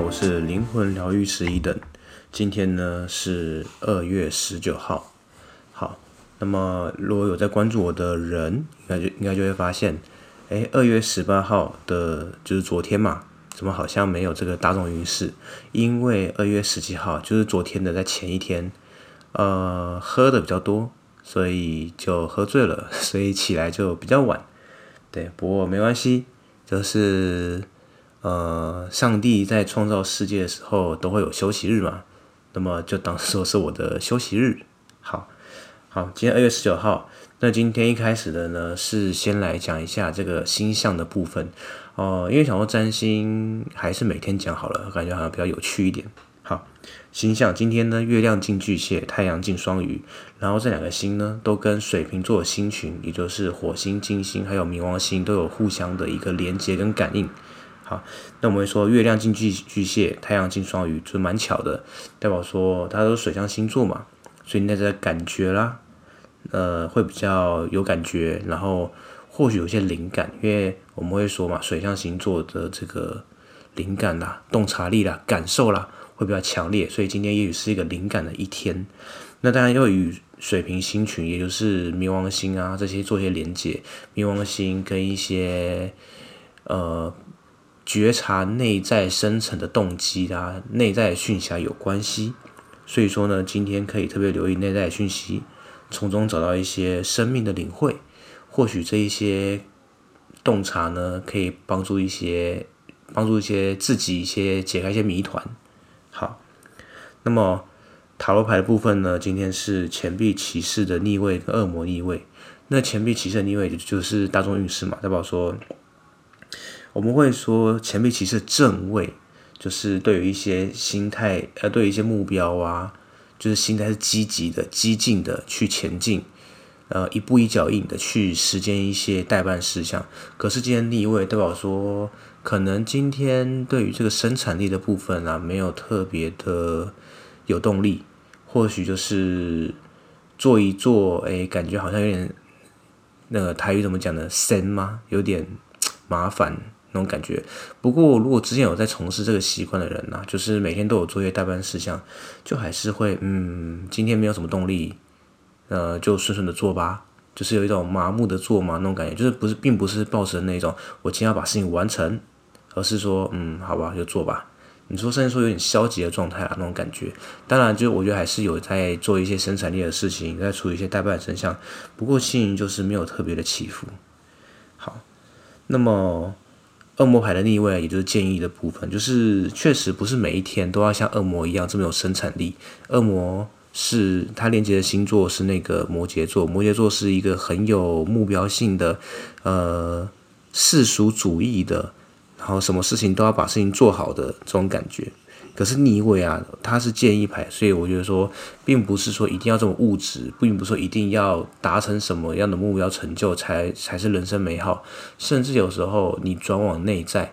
我是靈魂療癒師 Eden，今天呢是二月十九號，好，那麼如果有在關注我的人，那就應該就會發現，哎，二月十八號的，就是昨天嘛，怎麼好像沒有這個大眾運勢？因為二月十七號就是昨天的，在前一天，呃，喝得比較多，所以就喝醉了，所以起來就比較晚，對，不過沒關係，就是。呃，上帝在創造世界的時候都會有休息日嘛，那麼就當說是我的休息日。好，好，今天二月十九號。那今天一開始的呢，是先來講一下這個星象的部分哦，呃。因為想說占星還是每天講好了，感覺好像比較有趣一點。好，星象今天呢，月亮進巨蟹，太陽進雙魚，然後這兩個星呢，都跟水瓶座的星群，也就是火星、金星還有冥王星，都有互相的一個連接跟感應。好，那我們會說月亮進巨蟹巨蟹，太陽進雙魚，就蠻巧的，代表說，它都是水象星座嘛，所以那個感覺啦，呃，會比較有感覺，然後或許有些靈感，因為我們會說嘛，水象星座的這個靈感啦、洞察力啦、感受啦，會比較強烈，所以今天也許是一個靈感的一天。那當然又與水瓶星群，也就是冥王星啊這些做一些連接，冥王星跟一些，呃。覺察內在深層的動機啊，內在訊息、啊、有關係，所以說呢，今天可以特別留意內在訊息，從中找到一些生命的領會，或許這一些洞察呢，可以幫助一些幫助一些自己一些解開一些謎團。好，那麼塔羅牌的部分呢，今天是錢幣騎士的逆位跟惡魔逆位，那錢幣騎士的逆位就是大眾運勢嘛，代表說，我們會說，錢幣騎士正位，就是對於一些心態，呃，對於一些目標啊，就是心態是積極的、激進的去前進，呃，一步一腳印的去實踐一些代辦事項。可是今天逆位代表說，可能今天對於這個生產力的部分啊，沒有特別的有動力，或許就是做一做，哎，感覺好像有點那個台語怎麼講呢深 Sain 嗎？有點麻煩。那種感覺，不過如果之前有在從事這個習慣的人呢，啊，就是每天都有做一些代辦事項，就還是會嗯，今天沒有什麼動力，呃，就順順的做吧，就是有一種麻木的做嘛，那種感覺，就是不是，並不是抱着那種我今天要把事情完成，而是說嗯，好吧，就做吧。你說甚至說有點消極的狀態啊，那種感覺。當然就我覺得還是有在做一些生產力的事情，在處理一些代辦事項，不過心情就是沒有特別的起伏。好，那麼。惡魔牌的逆位，也就是建議的部分，就是確實不是每一天都要像惡魔一樣這麼有生產力。惡魔是它連接的星座是那個摩羯座，摩羯座是一個很有目標性的，呃，世俗主義的，然後什麼事情都要把事情做好的這種感覺。可是逆位啊，他是建議牌。所以我覺得說，並不是說一定要這麼物質，並不是說一定要達成什麼樣的目標成就才才是人生美好。甚至有時候你轉往內在，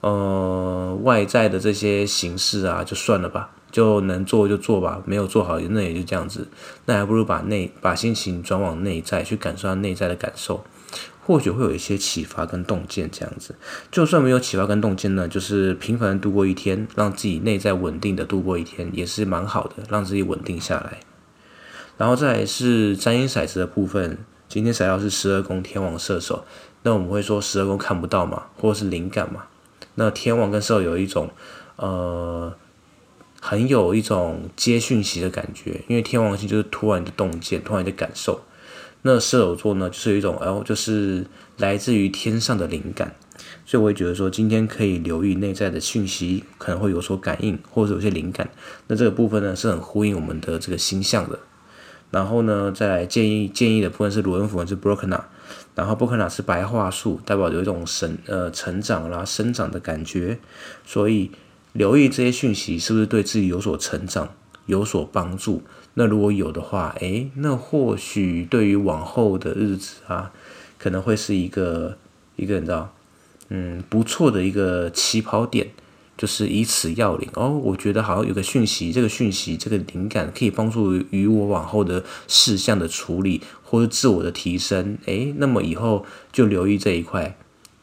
呃，外在的這些形式啊，就算了吧，就能做就做吧，沒有做好那也就這樣子，那還不如把內把心情轉往內在，去感受內在的感受。或許會有一些啟發跟洞見，這樣子，就算沒有啟發跟洞見呢，就是平凡的度過一天，讓自己內在穩定的度過一天，也是蠻好的，讓自己穩定下來。然後再來是占星骰子的部分，今天骰到是十二宮天王射手，那我們會說十二宮看不到嘛，或者是靈感嘛？那天王跟射手有一種，呃，很有一種接訊息的感覺，因為天王星就是突然的洞見，突然的感受。那射手座呢，就是有一種，然、哎、後就是來自於天上的靈感，所以我也覺得說，今天可以留意內在的訊息，可能會有所感應，或者是有些靈感。那這個部分呢，是很呼應我們的這個星象的。然後呢，再來建議建議的部分是盧恩符文，是 Berkana，然後 Berkana 是白樺樹，代表有一種神呃成長啦、生長的感覺。所以留意這些訊息，是不是對自己有所成長？有所幫助。那如果有的話，誒，那或許對於往後的日子啊，可能會是一個一個你知道，嗯不錯的一個起跑點，就是以此要領哦。我覺得好像有個訊息，這個訊息，這個靈感可以幫助於，於我往後的事項的處理或者自我的提升。誒，那麼以後就留意這一塊，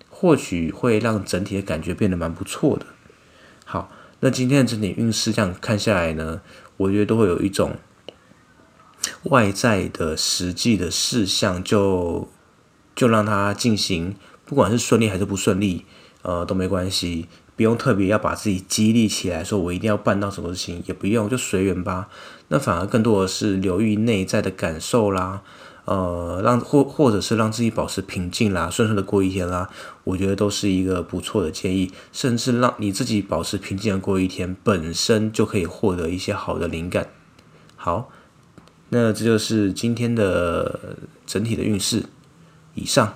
或許會讓整體的感覺變得蠻不錯的。好。那今天的整體運勢這樣看下來呢，我覺得都會有一種外在的實際的事項就，就就讓它進行，不管是順利還是不順利，呃都沒關係，不用特別要把自己激勵起來，說我一定要辦到什麼事情，也不用，就隨緣吧。那反而更多的是留意內在的感受啦。呃，讓或或者是讓自己保持平靜啦，順順的過一天啦，我覺得都是一個不錯的建議。甚至讓你自己保持平靜的過一天，本身就可以獲得一些好的靈感。好，那這就是今天的整體的運勢，以上。